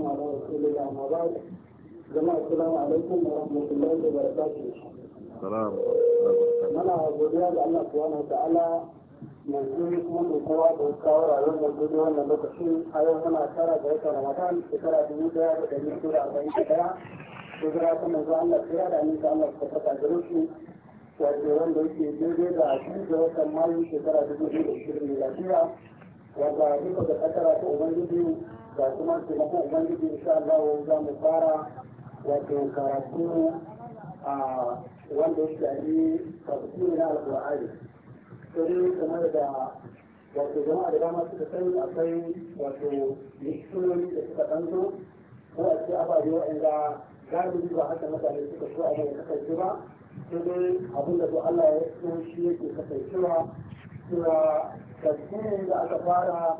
والسلام على رسول الله أما بعد جماعة السلام عليكم ورحمة الله وبركاته السلام da Allah subhanahu ta'ala yanzu mun kowa da kawo rayuwar da gudu wannan lokaci a yau muna tara da wata Ramadan shekara dubu daya da dari da arba'in da daya shekara ta manzo Allah kira da aminta Allah ta saka gare shi wanda yake daidai da shi da watan Mayu shekara dubu biyu da duka da ta Ubangiji da kuma taimakon ubangiji insha Allah za mu fara wato karatu a wanda ya shafi tafsiri na alƙur'ani sai kamar da wato jama'a da dama suka sani akwai wato likitori da suka ɗanto ko a ce ababe waɗanda galibi ba haka mutane suka so a ya kasance ba sai dai abin da Allah ya so shi yake kasancewa cewa tafsirin da aka fara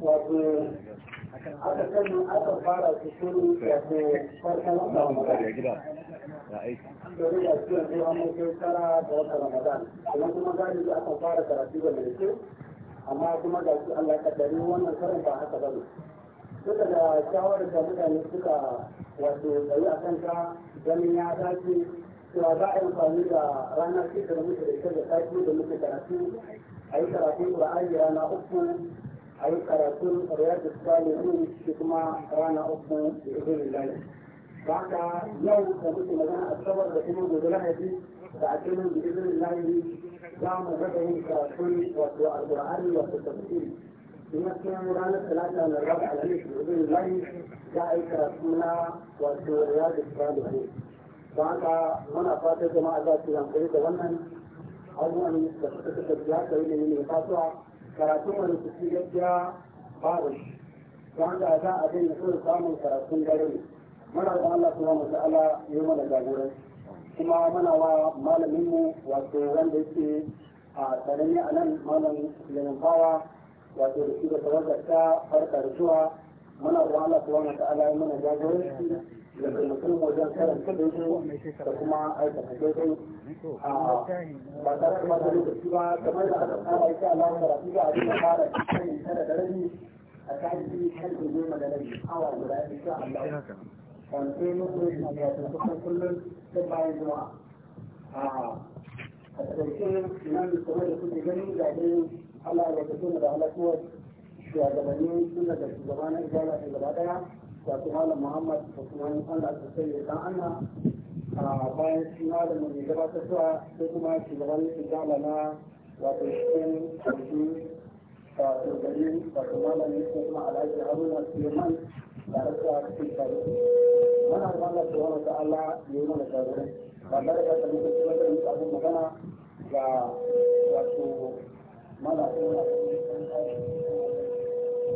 wato aka sani aka fara su da ke a tara da ramadan kuma fara da mai amma kuma ga shi allah kaddari wannan karin ba haka ba ne duka da shawarar da mutane suka wato tsayi a kanka ganin ya dace cewa za a yi amfani da ranar shekaru da ita da sati da muke karatu a yi karatun ƙura'ani rana uku a yi karatun riyadu salihin shi kuma rana uku da izinin lalai ba ka yau da muke magana a sabar da kuma gobe lahadi da a cikin da izinin lalai za mu rada yin karatun wato alƙur'ani wato tafsiri kuma cikin ranar talata na rabu alhamis da izinin lalai za a yi karatu na wato riyadu salihin ba ka muna fatan jama'a za su yankari da wannan abubuwan da suka tafiya ta yi da yin fasuwa karatun wani su gaskiya babu shi ta hanga a kan abin da kawai samun karatun dare ne mana da Allah subhanahu wa ala ya yi mana jagoranci kuma mana wa malaminmu wato wanda yake a tsanani a nan malam lenin Bawa wato da shi da tawagar ta farka da zuwa muna da Allah subhanahu wa ala ya mana jagoranci da mutum wajen karanta da da kuma aikata daidai ba tare da mata lokaci ba kamar da aka kama ita alamun karatu ga abin da fara kai tara da rabi a kashi har goma da rabi awa guda insha Allah kan sai mutum ya tafi kan kullum sai bayan zuwa a ƙarshe nan kamar da kuke gani ga dai Allah ya tafi da halakuwar shugabanni suna da shugaba na ijara da gaba daya wato malam muhammad da kuma yin allah ta sai ya dan ana a bayan shi malamin mai gabatar sai kuma shugaban na wato cikin ƙarshe wato gari wato malamin ko kuma alhaji haruna suleiman tare da cikin ƙarshe mana da allah ta wani ta'ala ya yi mana jagorai ba tare da ta mutu cikin da mutu abin magana ga wato malamin da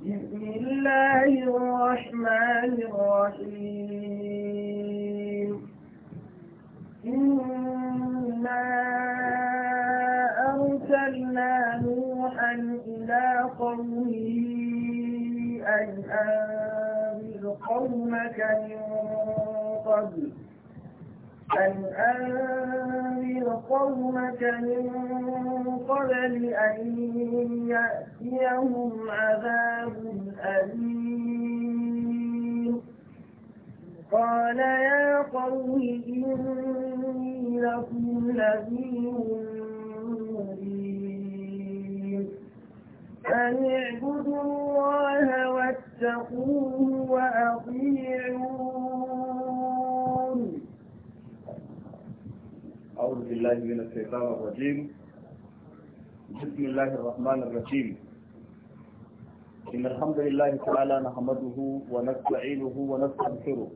بسم الله الرحمن الرحيم إنا أرسلنا نوحا إلى قومه أن أنذر قومك من قبل أن أنذر قومك من قبل أن يأتيهم عذاب أليم قال يا قوم إني لكم نذير أن اعبدوا الله واتقوه وأطيعوه أعوذ بالله من الشيطان الرجيم بسم الله الرحمن الرحيم إن الحمد لله تعالى نحمده ونستعينه ونستغفره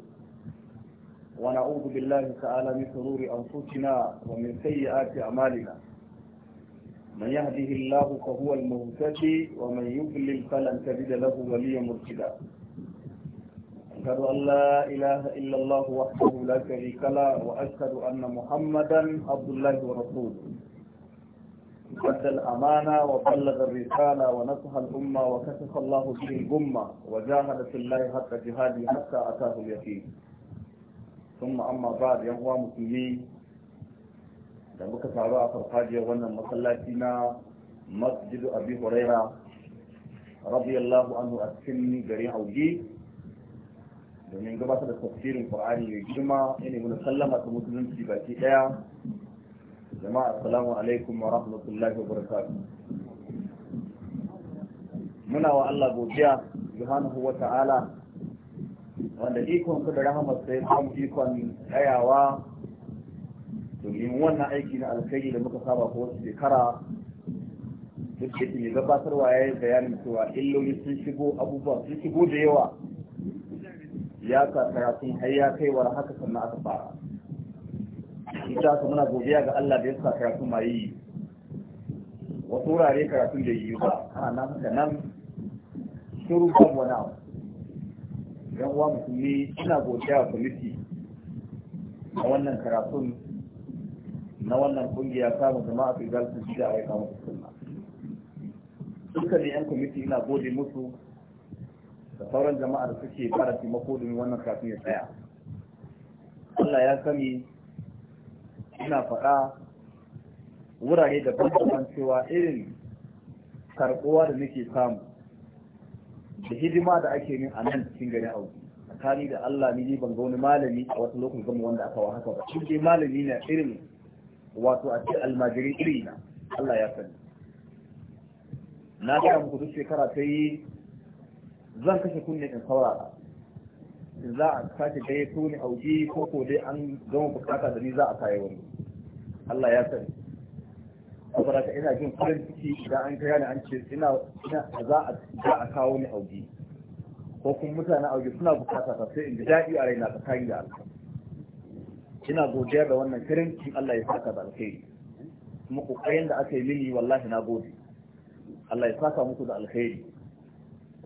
ونعوذ بالله تعالى من شرور أنفسنا ومن سيئات أعمالنا من يهده الله فهو المهتدي ومن يضلل فلن تجد له وليا مرشدا وأشهد أن لا إله إلا الله وحده لا شريك له وأشهد أن محمدا عبد الله ورسوله أدى الأمانة وبلغ الرسالة ونصح الأمة وكشف الله به الأمة وجاهد في الله حتى جهاده حتى أتاه اليقين ثم أما بعد يا أخوة مسلمين da muka taru a farfajiyar wannan masallaci na masjidu abi huraira radiyallahu anhu a cikin garin auge domin gabatar da tafsirin Qur'ani mai girma yana mun sallama ta musulunci baki daya jama'a assalamu alaikum wa rahmatullahi wa barakatuh muna wa Allah godiya subhanahu wa ta'ala wanda ikon ku da rahmar sai kuma ikon tsayawa domin wannan aiki na alkhairi da muka saba ko wasu shekara duk da gabatarwa ya yi bayanin cewa illoli sun shigo abubuwa sun shigo da yawa ya sa karatun har ya kai war haka sannan aka fara ita ka muna godiya ga Allah da ya sa karatun mai yi wasu wurare karatun da yi ba ana nan haka nan shuru ban wani abu yan uwa musulmi ina godiya ga kwamiti na wannan karatun na wannan kungiya mu jama'a su zalta shi da aika musu sunna dukkanin yan kwamiti ina gode musu da sauran jama'ar suke fara taimako domin wannan kafin ya tsaya Allah ya sani ina faɗa wurare da daban cewa irin karɓuwa da nake samu da hidima da ake yi a nan cikin gari a tsakani da Allah ni ban ga wani malami a wata lokacin gama wanda aka wa haka ba shi dai malami na irin wato a ce almajiri irina. Allah ya sani na ga muku duk shekara ta yi zan kashe kunne in saura In za a sake dai tuni ni auki ko ko dai an gama bukata da ni za a kayi wani Allah ya sani saboda ka ina jin farin ciki idan an kira ni an ce ina za a za a kawo ni auki ko kun mutane auki suna bukata ta sai in ji daɗi a raina tsakani da Allah ina godiya da wannan kirin in Allah ya saka da alkhairi kuma kokarin da aka yi mini wallahi na gode Allah ya saka muku da alkhairi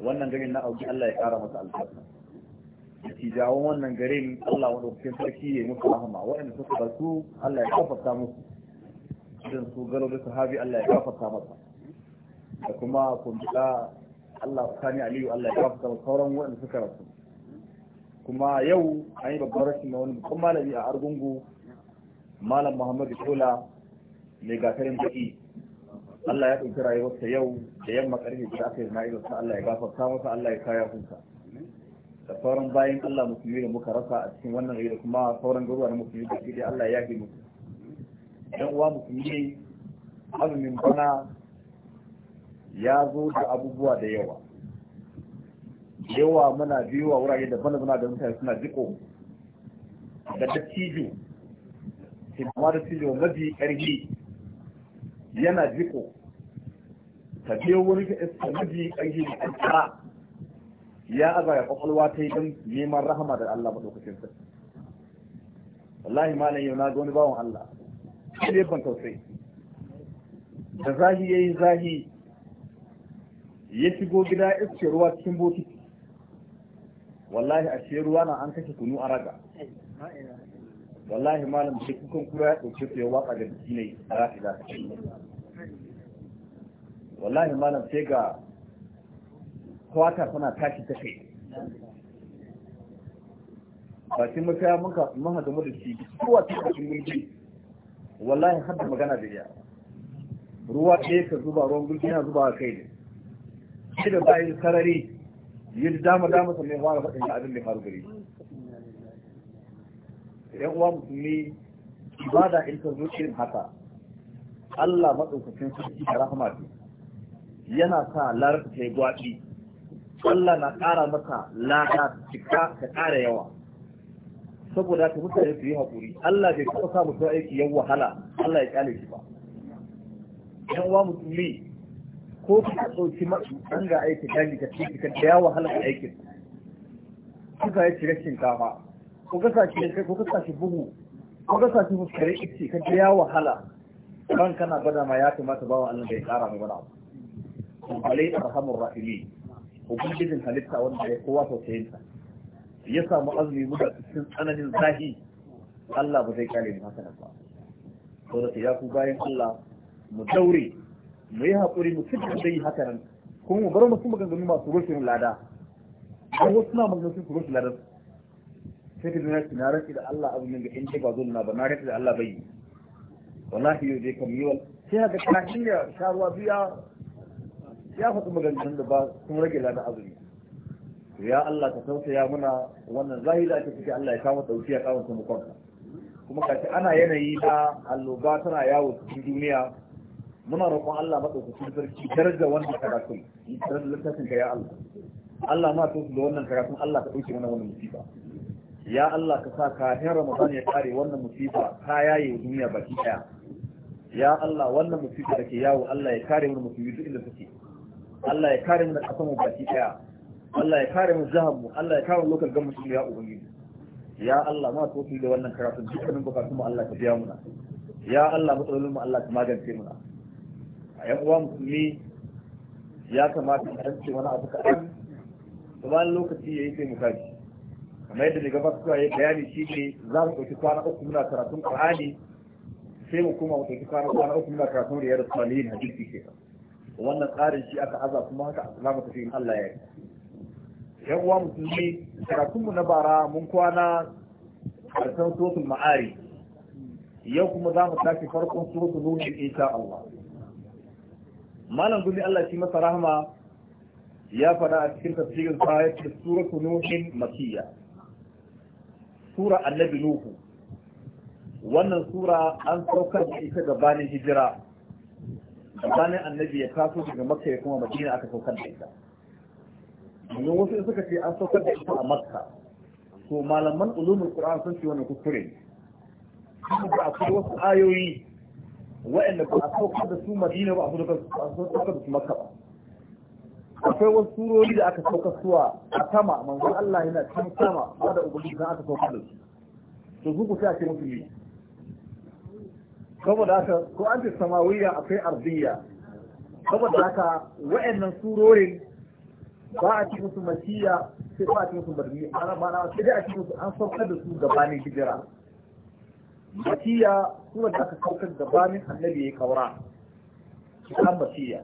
wannan garin na auki Allah ya kara masa albarka dattijawan wannan garin Allah wanda kuke sarki ya yi musu rahama waɗanda suka rasu Allah ya kafarta musu idan su galo da sahabi Allah ya kafarta masa da kuma kuntuka Allah sani aliyu Allah ya kafarta masa sauran waɗanda suka rasu kuma yau an yi babbar rashin na wani babban malami a argungu malam muhammadu shola mai gatarin baƙi. Allah ya ɗauki rayuwarsa yau da yamma karfe da aka yi ma'aikata sa Allah ya gafarta masa Allah ya kaya kuka. da sauran bayan Allah musulmi da muka rasa a cikin wannan rayuwa kuma sauran garuwa na musulmi da shi Allah ya yafe musu dan uwa musulmi azumin bana ya zo da abubuwa da yawa yawa muna biyuwa wurare bana daban da mutane suna jiko da dattijo sai kuma dattijo mafi ƙarfi yana jiko ka je wani ka iska miji ƙarfi da ƙarfa ya aza ya kwakwalwa ta yi don neman rahama da Allah maɗaukacin sa wallahi malam yau na ga wani bawan Allah shi ne ban tausayi da zahi ya yi zahi ya shigo gida iske ruwa cikin bokiti wallahi ashe ruwa na an kashe kunu a raga wallahi malam shi kukan kura ya ɗauke su ya watsa da biki a rafi da wallahi malam sai ga kwata suna tashi ta kai bakin makaya mun hadamu da shi kowa ta bakin gulbi wallahi har da magana da ya ruwa ɗaya ka zuba ruwan gulbi yana zuba kai ne sai da bayan sarari yi dama dama sannan ya fara faɗin abin da faru gari yan uwa musulmi ibada in ka zo irin haka Allah maɗaukakin sarki da rahama ce yana sa larabci ta yi gwaɗi Allah na ƙara maka lada cika ta ƙara yawa saboda ta mutane su yi haƙuri Allah bai taɓa sa mutum aiki yau wahala Allah ya ƙyale shi ba yan uwa musulmi ko ka ɗauki masu an ga aiki dangi ka ci ka da ya wahala da aikin ka ya cire shinkafa ko ka sa shi kai ko ka sa shi bugu ko ka sa shi fuskare ka ya wahala kan kana gwada ma ya kamata bawa Allah bai ƙara mai wani abu to bare arhamur rahimi ubangijin halitta wanda ya kowa tausayinsa ya samu azumi muka cikin tsananin zahi Allah ba zai kare mu haka ba to da ya ku bayan Allah mu daure mu yi haƙuri mu cikin da yi haka nan kuma mu bar mu kuma gangami masu rufin lada don wasu na maganin su rufin lada sai ka zina na rantsi da Allah abin nan ga in ba zo na ba na rantsi da Allah bai wallahi yau dai kam yi wal sai haka ta shirya sharuwa biya ya faɗi maganganun da ba sun rage lana azumi ya Allah ka tausaya muna wannan zahiri ake ciki Allah ya kawo dauki ya kawo taimakon kuma kace ana yanayi na alloba tana yawo cikin duniya muna roƙon Allah madaukakin sarki daraja wannan karatu daraja littafin ka ya Allah Allah ma tausu da wannan karatun Allah ka dauke mana wannan musiba ya Allah ka sa kafin Ramadan ya kare wannan musiba ta yaye duniya baki ɗaya. ya Allah wannan musiba da ke yawo Allah ya kare wannan musibi duk inda take Allah ya kare mu da kasan mu baki daya Allah ya kare mu zahab mu Allah ya kare lokacin gamu gamu ya ubangi ya Allah ma so da wannan karatu dukkanin bukatun mu Allah ka biya muna ya Allah matsalolin mu Allah ka magance muna a yan uwa musulmi ya kamata a ce wani abu kaɗan bayan lokaci ya yi sai mu kaji kamar yadda daga ba suka yi bayani shi ne za mu ɗauki kwana uku muna karatun Al-Qur'ani, sai mu koma mu ɗauki kwana uku muna karatun riyar salihin hadisi kenan wannan tsarin shi aka aza kuma haka za mu tafi Allah ya yi yan uwa musulmi karatunmu na bara mun kwana karshen suratul ma'ari yau kuma za mu tafi farkon suratul nuhin insha Allah malam gumi Allah shi masa rahama ya fada a cikin tafsirin sa da suratul nuhin makiyya sura annabi nuhu wannan sura an saukar da ita gabanin hijira tsakanin annabi ya taso daga makka ya kuma madina aka saukar da ita domin wasu in suka ce an saukar da ita a makka to malaman ulumul qur'an sun ce wannan kuskure kuma akwai wasu ayoyi wa'anda ba a saukar da su madina ba a saukar da su makka ba akwai wasu surori da aka saukar suwa a sama manzon Allah yana cikin sama da ubangiji aka saukar da su to su ku sai a ce musulmi saboda haka ko an ce samawiya akwai arziya saboda haka wa'annan surorin ba a cikin su masiya sai ba a cikin su barni ana ba na sai dai a cikin su an saukar da su gabanin hijira masiya surar da aka saukar gabanin annabi ya kaura kan masiya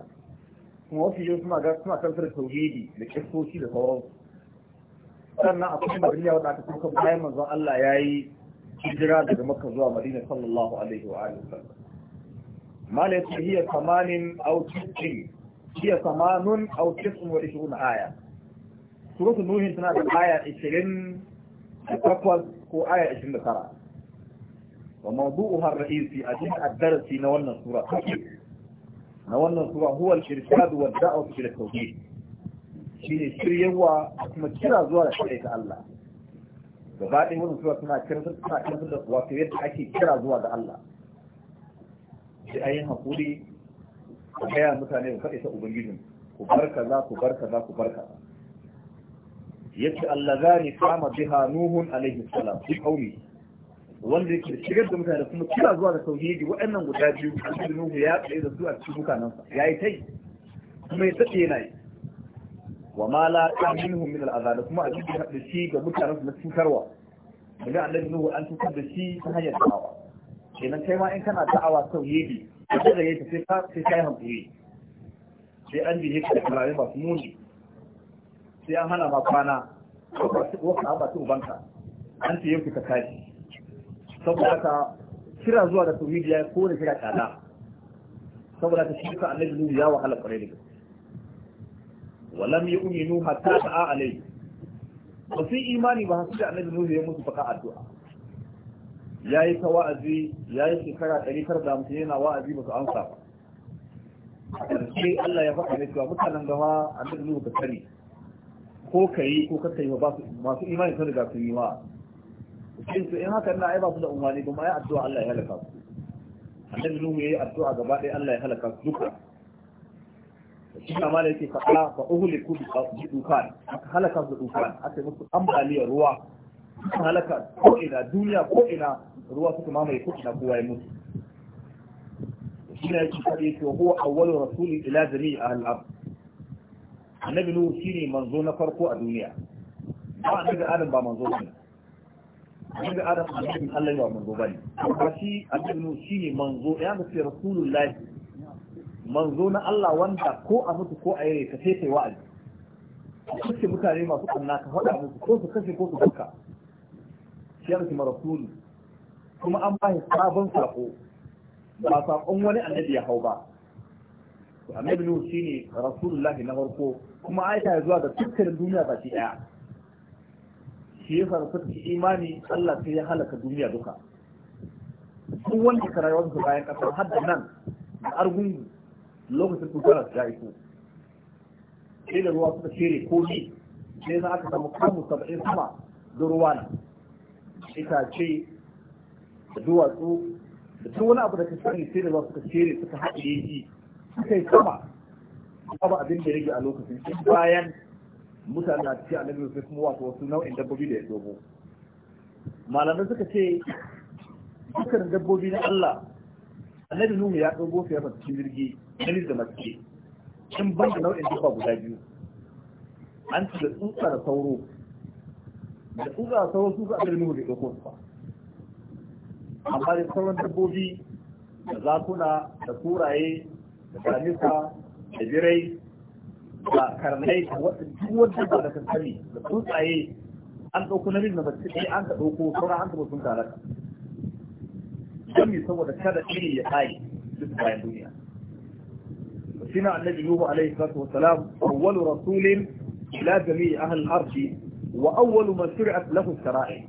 kuma wasu yau suna ga suna kantar tauhidi da kisoshi da sauransu sannan akwai barniya wadda aka saukar bayan manzon Allah ya yi hijira daga maka zuwa madina sallallahu alaihi wa alihi wasallam mala yace hiya tamanin aw tisin hiya tamanun aw tisun wa ishirun aya suratu nuhin tana da aya 20 takwas ko aya 29 wa mawdu'uha ar-ra'isi ajin ad-darasi na wannan sura na wannan sura huwa al-irshad wa ad-da'wa ila at-tauhid shine shiryawa kuma kira zuwa ga Allah gaba ɗaya wannan sura suna kirkir suna kirkir da wato yadda ake kira zuwa ga Allah sai yi hakuri a gaya mutane ku faɗi ta ubangijin ku bar kaza ku bar kaza ku bar kaza yace allazani kama biha nuhun alaihi salam fi qawli wanda yake shigar da mutane kuma kira zuwa ga tauhidi waɗannan guda biyu annabi nuhu ya tsaye da su a cikin yi ta yi? kuma ya tsaye na yi wa ma la minhum min al-azab kuma a cikin da shi ga mutanen su na cutarwa daga annabi nuhu an cutar da shi ta hanyar da'awa kenan kai ma in kana da'awa sau yedi da yake sai ka sai kai hankuri sai an bi ka da masu muni sai an hana ma kwana ko ba su waka ba su ubanka an ce yau ka kashi saboda ka kira zuwa da tauhidi ko kowane kira kada saboda ka shi ka annabi nuhu ya wahala kwarai da gaske walam yu'minu hatta ta'a alayhi ba su imani ba su da annabi nuhu ya musu faka addu'a Ya yi ta wa'azi yi shekara ɗari 150 yana wa'azi ba su amsa ba karshe Allah ya faɗa ne cewa mutanen gaba annabi nuhu ka sani ko ka yi ko ka kai ba masu imani sun riga sun yi wa in su in haka na ai ba su da umarni ba kuma ai addu'a Allah ya halaka su annabi nuhu ya yi addu'a gaba ɗaya Allah ya halaka su duka shi ma da yake faɗa ba uhuli ku bi dufan aka halaka su dufan aka yi musu ambaliyar ruwa suka halaka ko ina duniya ko ina ruwa suka mamaye ko ina kowa ya mutu shi yake faɗi to ko awwalu rasulin ila jami'i ahli al annabi nuhu shine manzo na farko a duniya ba annabi adam ba manzo bane annabi adam annabin Allah ba manzo ba ne. shi annabi nuhu shine manzo ya ga rasulullahi manzo na Allah wanda ko a mutu ko a yare ka sai wa'azi kashe mutane masu kanna ka faɗa musu ko su kashe ko su duka shi ya rasu marasulu kuma an bashi sabon sako ba sakon wani annabi ya hau ba annabi nuhu shine rasulullahi na farko kuma aita ya zuwa ga dukkanin duniya ba shi daya shi ya fara suka imani Allah sai ya halaka duniya duka duk wanda ka rayuwa su bayan ƙasar har da nan da argungu lokacin tukarar da iso sai da ruwa suka shere komi sai za aka samu kamu saba'in sama da ruwa na itace da duwatsu da tun wani abu da ka sani sai da ruwa suka shere suka haɗe yi suka yi sama ba abin da rage a lokacin shi bayan mutane na cikin yau sai kuma wato wasu nau'in dabbobi da ya dogo malamai suka ce dukkan dabbobi na Allah annabi Nuhu ya dogo su ya cikin jirgi namiji da mace in ban da nau'in dabba guda biyu an ci da tsutsa da sauro da tsutsa da sauro su za a gani da ɗauko su ba amma da sauran dabbobi da zakuna da turaye da kanisa da birai da karnai da duk wata ba da kankani da tsuntsaye an ɗauko namiji da mace ɗaya an ka ɗauko sauran an taɓa sun ka don saboda kada iri ya tsaye duk bayan duniya شنا النبي نوح عليه الصلاة والسلام أول رسول إلى جميع أهل الأرض وأول ما شرعت له الشرائع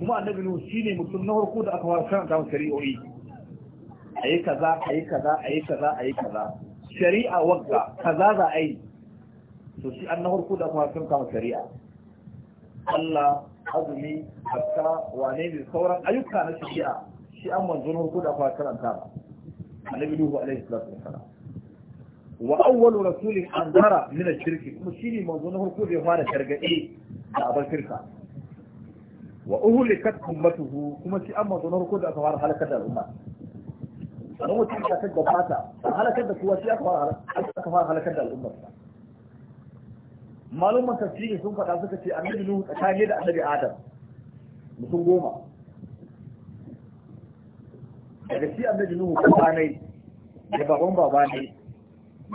كما النبي نوح شيني مسلم نهر قود أكوار شان داون شريعي أي كذا أي كذا أي كذا أي كذا شريعة وقع كذا ذا أي سوشي النهر قود أكوار شان داون شريعة الله azumi hatta wane ne sauran ayyuka na shari'a shi an manzo na hukuda fa karanta annabi nuhu alaihi salatu wasalam wa awwalu rasulin an zara ash-shirki kuma shi ne manzo na harko da ya fara gargadi da abar shirka wa uhlikat ummatuhu kuma shi an manzo na harko da aka fara halakar da al'umma sannan wata ta ta gabata halakar da kuwa shi aka fara halakar da al'ummar malumman tafsiri sun faɗa suka ce annabi nuhu tsakani da annabi adam mutum goma daga shi annabi nuhu babanai da baban babanai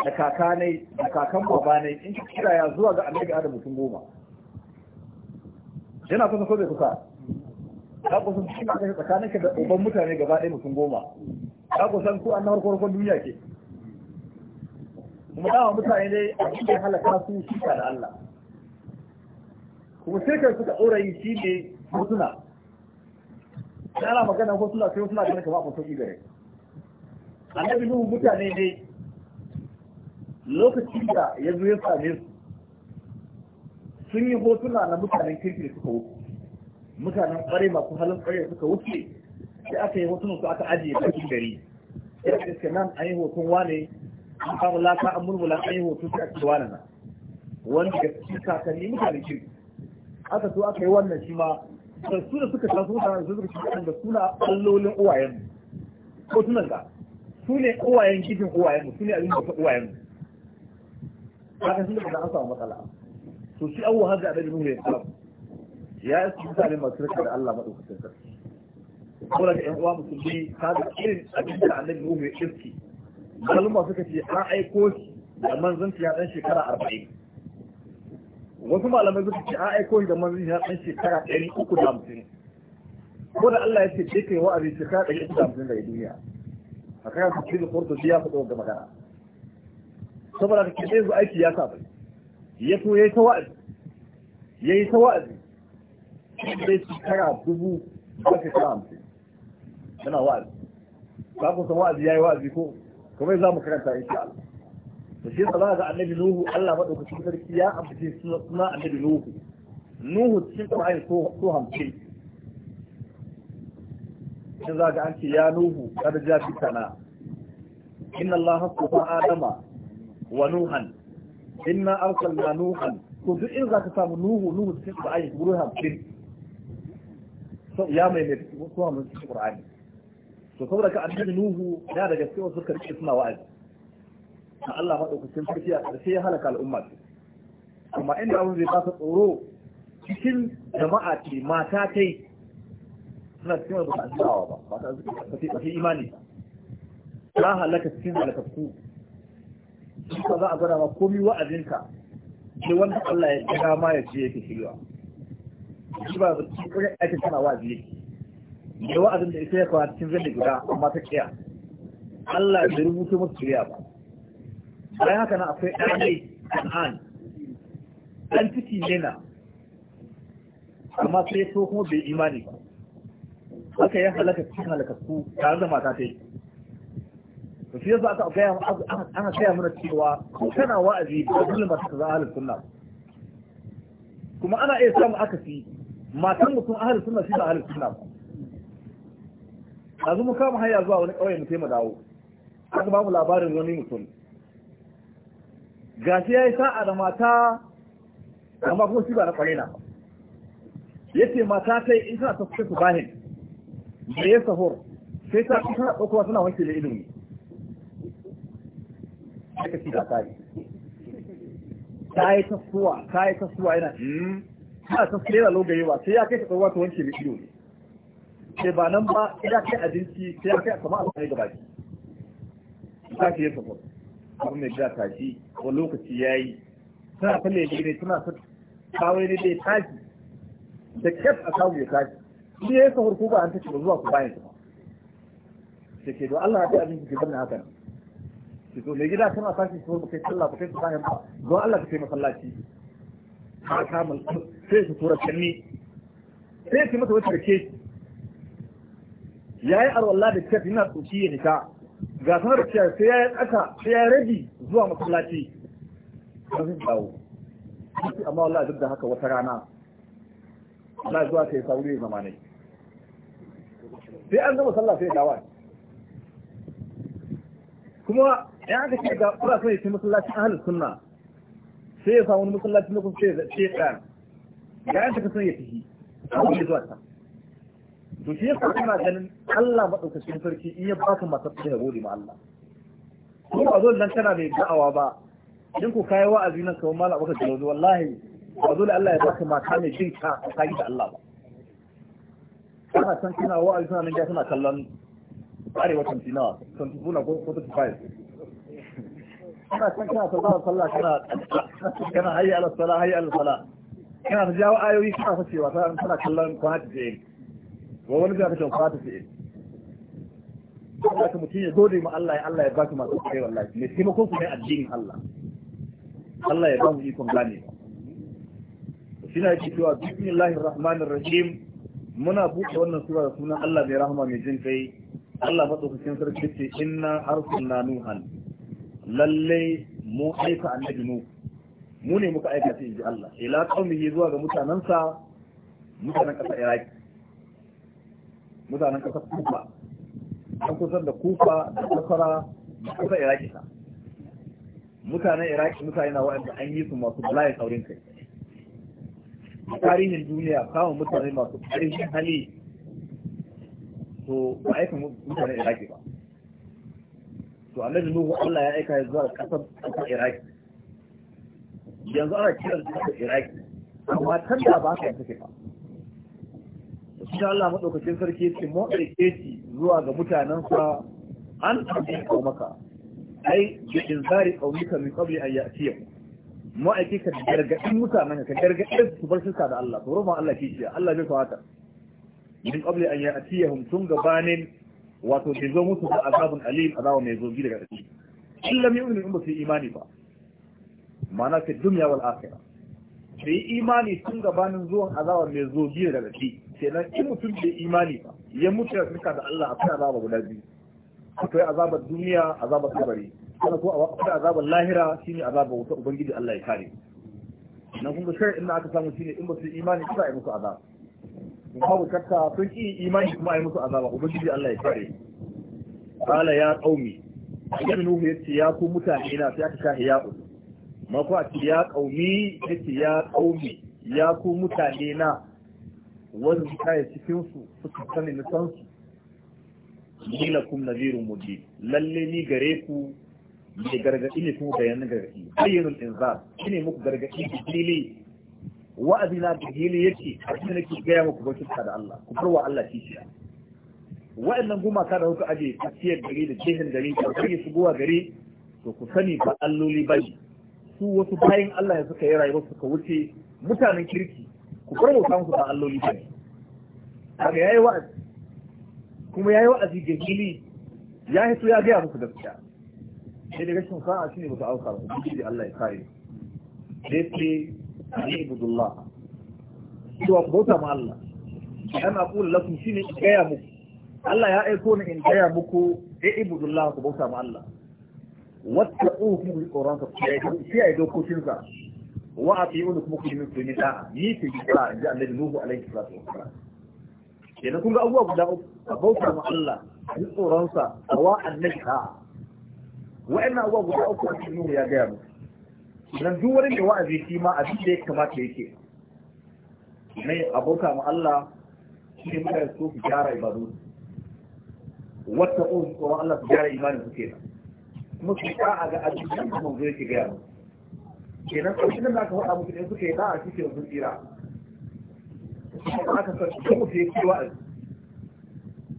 da kakanai da kakan babanai in ka kira ya zuwa ga annabi adam mutum goma yana kusa ko bai kusa ka kusan shi ma tsakanin ka da uban mutane gaba ɗaya mutum goma ka kusan ku an harkar harkar duniya ke kuma dawa mutane ne a cikin halaka su shika da Allah kuma ka suka ɗora yi shi ne hotuna ana magana hotuna sai hotuna da kama abin sauƙi gare annabi nuhu mutane ne lokacin da ya zo ya same su sun yi hotuna na mutanen kirki da suka wuce mutanen kware masu halin kware suka wuce sai aka yi hotunan su aka ajiye cikin gari ya ce ke nan an yi hoton wane an kama laka an murmula an yi hoton sai a ce wane na wanda ga cikin kakanni mutanen kirki aka so aka yi wannan shi ma da su da suka taso mutanen su suka ci da suna allolin uwayen hotunan ga su ne uwayen gidin uwayen su ne abin da uwayen kaga sun da an samu matsala to shi awu hajji a dalilin ya tsara ya yi su mutane masu rika da Allah madaukakin sarki ko da yan uwa musulmi kaga irin abin da annabi Nuhu ya iski maluma suka ce an aiko shi da manzanci ya dan shekara arba'in wasu malamai suka ce an aiko shi da manzanci ya dan shekara ɗari uku da hamsin ko da Allah ya ce ce kai wa'azi shekara ɗari uku da hamsin da duniya a kan su cikin kurtu biya ku ɗaukar magana saboda ka kiɗe yanzu aiki ya sa bai ya so ya yi ta wa'azi ya yi ta wa'azi zai shekara dubu ba shekara hamsin yana wa'azi ba ku san wa'azi ya yi wa'azi ko kamar za mu karanta in Allah da shi za ga annabi nuhu Allah maɗaukacin sarki ya ambace suna annabi nuhu nuhu cikin Qur'ani so so hamsin shi za ga an ce ya nuhu kada ja kana inna Allah haqqu adama wa nuhan inna arsalna nuhan to duk in zaka samu nuhu nuhu cikin qur'ani wurin hamsin so ya mai ne ko hamsin cikin qur'ani to saboda ka annabi nuhu da daga cikin wasu karfi suna wa'azi Allah madaukakin sarki a ƙarshe ya halaka al'umma amma inda abin zai ba tsoro cikin jama'a ce mata kai suna cikin wani ba ta ba ba ta imani ta halaka cikin halakakku duka za a gwada ma komi wa'azinka sai wanda Allah ya kira ma ya ce yake shirya shi ba da cikin ake tana wa'azi ne. da wa'adin da ita ya kawo cikin zai guda amma ta kiya Allah ya rubuta musu shirya ba bayan haka na akwai ɗanai kan'an an. ciki ne na amma sai so kuma bai imani ba haka ya halaka cikin halakakku tare da mata ta yi to shi yasa aka gaya aka gaya mana cewa ko kana wa'azi ba dole ba ta ahlus sunna kuma ana iya samun akasi matan mutum ahlus sunna shi ba ahlus sunna ba yanzu mu kama hanya zuwa wani kauye mu sai mu dawo aka ba mu labarin wani mutum gashi ya yi sa'a da mata amma kuma shi ba na kwarena ba yace mata kai in tana tafiya su bahin da ya sahur sai ta tana ɗaukowa tana wanke da ilimi sai ka ci da kai kai ta suwa kai ta suwa yana hmm? ta ta fira logaye ba sai ya kai ka wato wanke mai ido sai ba nan ba ya kai abinci sai ya kai kamar a kai gaba ki ta ke yasa abu mai gida ta tashi ko lokaci ya yi. tana ta kalle ne tana ta kawai ne dai tashi da kyaf a samu ya tashi shi ya yi sahur ko ba an tashi ba zuwa ku bayan ba sai ke don Allah ya ta abinci ke barna haka nan ki zo mai gida tana tashi ki zo kai sallah ba kai sallah ba don Allah ka kai masallaci ka kama sai su tura kanni sai ki mata wata rake yayi arwalla da kafi na tsoki ya nika ga sanar da cewa sai yayi tsaka sai yayi rabi zuwa masallaci ba zai dawo amma wallahi duk da haka wata rana Allah zuwa kai sauri zamanai sai an gama sallah sai dawo kuma ya aka ce ga kula sai ce masallacin ahal suna, sai ya samu masallacin lokacin kuma sai ya ce ɗan ya yanka kasan ya tafi a wani zuwa ta to shi sa kana ganin Allah maɗaukacin sarki in ya baka masa tsaya gode ma Allah Kuma ba zuwa dan kana mai da'awa ba in ku kai wa'azi nan kawai mallam baka jalo wallahi ba zuwa da Allah ya baka mata mai jin ka ka da Allah ba kana san kina wa'azi nan ga suna kallon arewa tanti nawa tanti kuna ko ko kana san kana ta sallah kana kana hayya ala sala hayya ala sala kana ta jawo ayoyi kana fashewa ta kana kallon kwana ce ko wani ce Allah mutum ya gode ma Allah ya Allah ya ba shi masu kai wallahi ne taimakon ku ne addinin Allah Allah ya ba mu ikon gane shi na yake cewa bismillahir rahmanir rahim muna buɗe wannan sura da sunan Allah mai rahama mai jin kai Allah madaukakin sarki ce inna arsalna nuhan lalle mu aika annabi mu mu ne muka aika shi inji Allah ila qaumihi zuwa ga mutanansa mutanen kasar Iraki mutanen kasar Kufa an kusan da Kufa da Basra da kasar Iraq ta mutanen Iraki mutane na wa'anda an yi su masu bala'i saurin kai tarihin duniya kawo mutane masu tarihin hali to ba aikin mutane iraki ba to annabi nuhu Allah ya aika zuwa kasar kasar iraki yanzu ana kiran kasar iraki amma da ba ka yanzu ba insha Allah madaukakin sarki ce mu aike ci zuwa ga mutanen sa an tafi ko maka ai bi inzari qaumika min qabli an ya'tiyahu mu aike ka gargadin mutanen ka gargadin su bar shirka da Allah to roba Allah kishiya Allah ne ka haka min qabli an ya'tiyahum tun gabanin wato bai zo musu da azabun alim azaba mai zogi daga ciki in lam yu'minu in ba su imani ba Mana fi dunya wal akhirah bai imani tun gabanin zuwan azaba mai zogi daga ciki kenan in mutum bai imani ba ya mutu ya shirka da Allah akwai azaba guda biyu akwai azabar duniya azabar kabari kana ko akwai azabar lahira shine azabar wuta ubangiji Allah ya kare nan kun ga shari'in da aka samu shine in ba su imani ba a yi musu azaba babu shakka sun ki imani kuma ai musu azaba ubangiji Allah ya kare qala ya qaumi annabi nuhu yace ya ku mutane na sai aka shahi ya ku ma ku a ya qaumi yace ya qaumi ya ku mutane na wanda kai cikin su suka sani na san su ni lakum nadhirun mubin lalle ni gare ku ne gargadi ne kuma bayanan gargadi bayyinul inzar shine muku gargadi fili wa'azi na da hili yake a cikin ke gaya muku ba shirka da Allah ku farwa Allah kishiya wa'annan gumaka da kuka aje tsakiyar gari da jehen gari da su guwa gari to ku sani ba alloli bane su wasu bayan Allah ya suka yi rayuwa suka wuce mutanen kirki ku bar mu ba alloli bane kaga yayi wa'azi kuma yayi wa'azi ga hili ya hito ya gaya muku gaskiya sai da rashin sa'a shine ba su auka ba ubangiji Allah ya kare sai ibudullah cewa bauta ma Allah an aqulu lakum shine gaya muku Allah ya aiko ni in gaya muku e ibudullah ku bauta ma Allah wattaquhu bi ka shi ai dokokin sa wa atiyu kuma ku min sunni da ni ce kira inji Annabi Nuhu alaihi salatu wa salam yana kun ga abuwa guda uku bauta ma Allah bi tsoron sa wa annabi ha inna abuwa guda uku Annabi Nuhu ya gaya muku idan duk wani mai wa'azi shi ma abin da ya kamata yake ne abota mu Allah shi muka so su gyara ibadu wata ko su kuma Allah su gyara imanin su ke kuma su ka ga addinin da zo yake gaya mu kenan shi da aka faɗa muku ne suka da a cikin sun tsira kuma aka san duk mutum ki wa'azi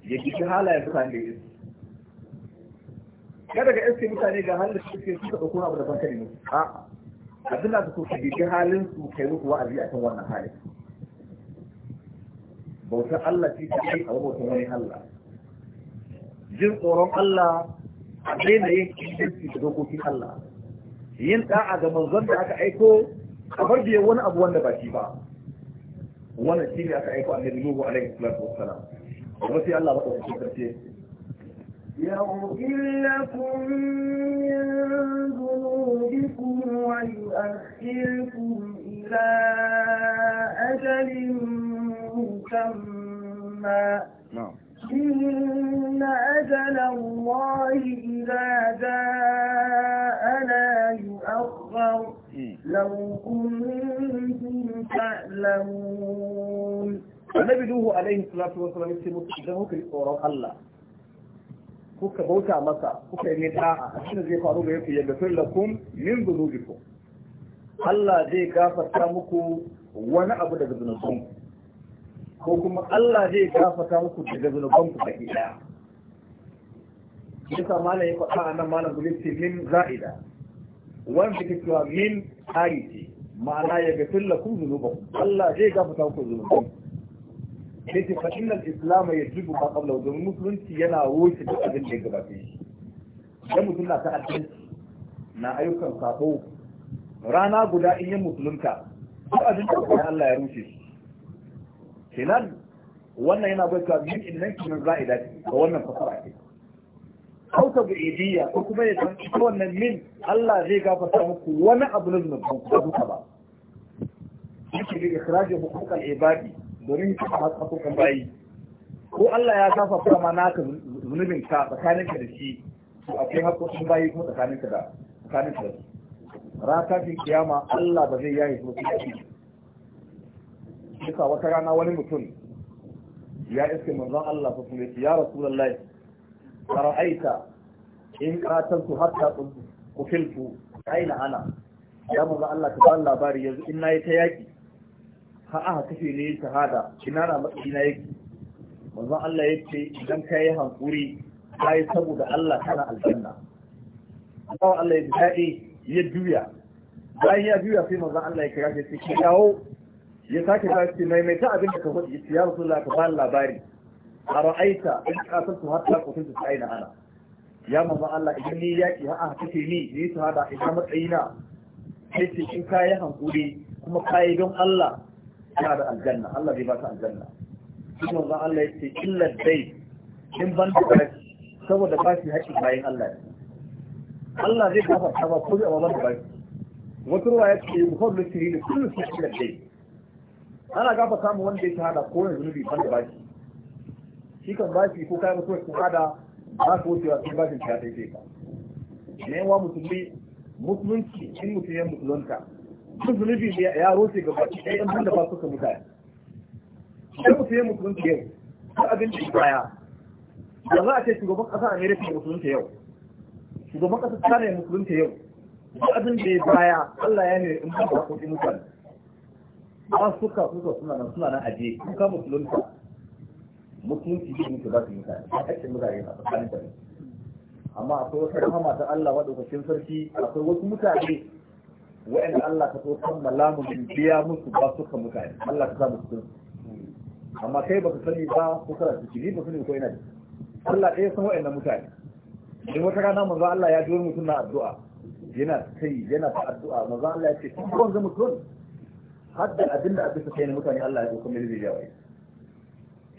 ya ki gishi halayen mutane da ya kada ga iske mutane ga halin da suke suka dauko abu da bankare ne musu a'a abin da so ka bibi halin su kai musu wa'azi kan wannan halin bautar Allah ce ta kai a bautar wani Allah jin tsoron Allah a daina yin kirkirki da dokokin Allah yin da'a ga manzon da aka aiko a bar biye wani abu wanda ba shi ba wannan shi ne aka aiko a annabi Nuhu alaihi salatu wassalam kuma sai Allah ba ta kusurce يغفر لكم من ذنوبكم ويؤخركم إلى أجل مسمى نعم إن أجل الله إذا جاء لا يؤخر لو كنتم تعلمون النبي عليه الصلاة والسلام يقول إذا هو كريم الله kuka bauta masa kuka yi nita a cikin zai faru ga yake yadda tun lakum min zunubikum Allah zai gafarta muku wani abu daga zunubanku ko kuma Allah zai gafarta muku daga zunubanku baki daya sa malam ya faɗa a nan malam gulisti min za'ida wanda ke cewa min hari ce ma'ana ya gafin lakum zunubanku Allah zai gafarta muku ku yace fa al islam yajibu ma qabla wa musulunci yana wuce duk abin da ya gabace shi dan mutum na ta'addanci na ayyukan sako rana guda in yi musulunta duk abin da ya Allah ya rushe shi kenan wannan yana bai ka min innan kin za'ida ce ga wannan fasara ce ta bu idiyya ko kuma ya san ita wannan min Allah zai gafarta muku wani abu na ba ku duka ba yake da ikhrajin al ibadi domin ka ba ka kan bayi ko Allah ya kafa kuma naka zunubin ka tsakanin ka da shi to akwai haƙoƙin bayi kuma tsakanin ka da tsakanin ka da shi rata fi kiyama Allah ba zai yaye su shi duka wata rana wani mutum ya iske manzon Allah ko kuma ya a ara'aita in qataltu hatta qutiltu aina ana ya manzon Allah ka ba labari yanzu in nayi ta yaki ha aka kashe ne shahada ina na na yake manzon Allah ya ce idan ka hankuri ka saboda Allah kana aljanna bawan Allah ya daɗe ya juya bayan ya juya sai manzon Allah ya kira shi sai dawo ya sake ba shi maimaita abin da ka faɗi ya rasulullah ka ba labari a ra'aita in qataltu hatta qutiltu sa'ina ana ya manzon Allah idan ni yaki ha aka kashe ni ni shahada ina matsayina sai ce in ka hankuri kuma ka don Allah Ana da aljanna Allah zai ba ta aljanna shi manzon Allah yace illa dai in ban da barci saboda ba shi haƙƙin bayan Allah ne Allah zai gafarta ba ko zai ba ban da barci wata ruwa ya ce muhammadu shiri da kullum shi illa dai ana gafa samun wanda ya shahada ko yanzu zunubi ban da barci shi kan bashi ko kayan mutuwar shahada ba su wucewa sun bashin ta daidai ka ne wa musulmi musulunci in mutum ya musulunta duk zunubi da ya rufe ga baki ɗaya ɗan da ba suka mutane sai ku sai musulunci yau har abin da baya da za a ce shugaban ƙasa a mere shi musulunci yau shugaban ƙasa ta ne musulunci yau duk abin da ya baya Allah ya mere in ba da haƙoƙi mutane ba suka suka suna nan suna nan aje sun ka musulunta musulunci ne mutu za su mutane ba haƙƙin mutane a tsakanin da amma akwai wata rahama ta Allah maɗaukakin sarki akwai wasu mutane wa'in Allah ka so kammala mu biya musu ba su ka mutane Allah ka sa musu amma kai baka sani ba ko kana ciki ba sani ko ina Allah ɗaya san wa'in mutane in wata rana manzo Allah ya ji mutum na addu'a yana kai yana ta addu'a manzo Allah ya ce kun ban ga mutum hadda abin da abin sai mutane Allah ya dauka mai zai jawo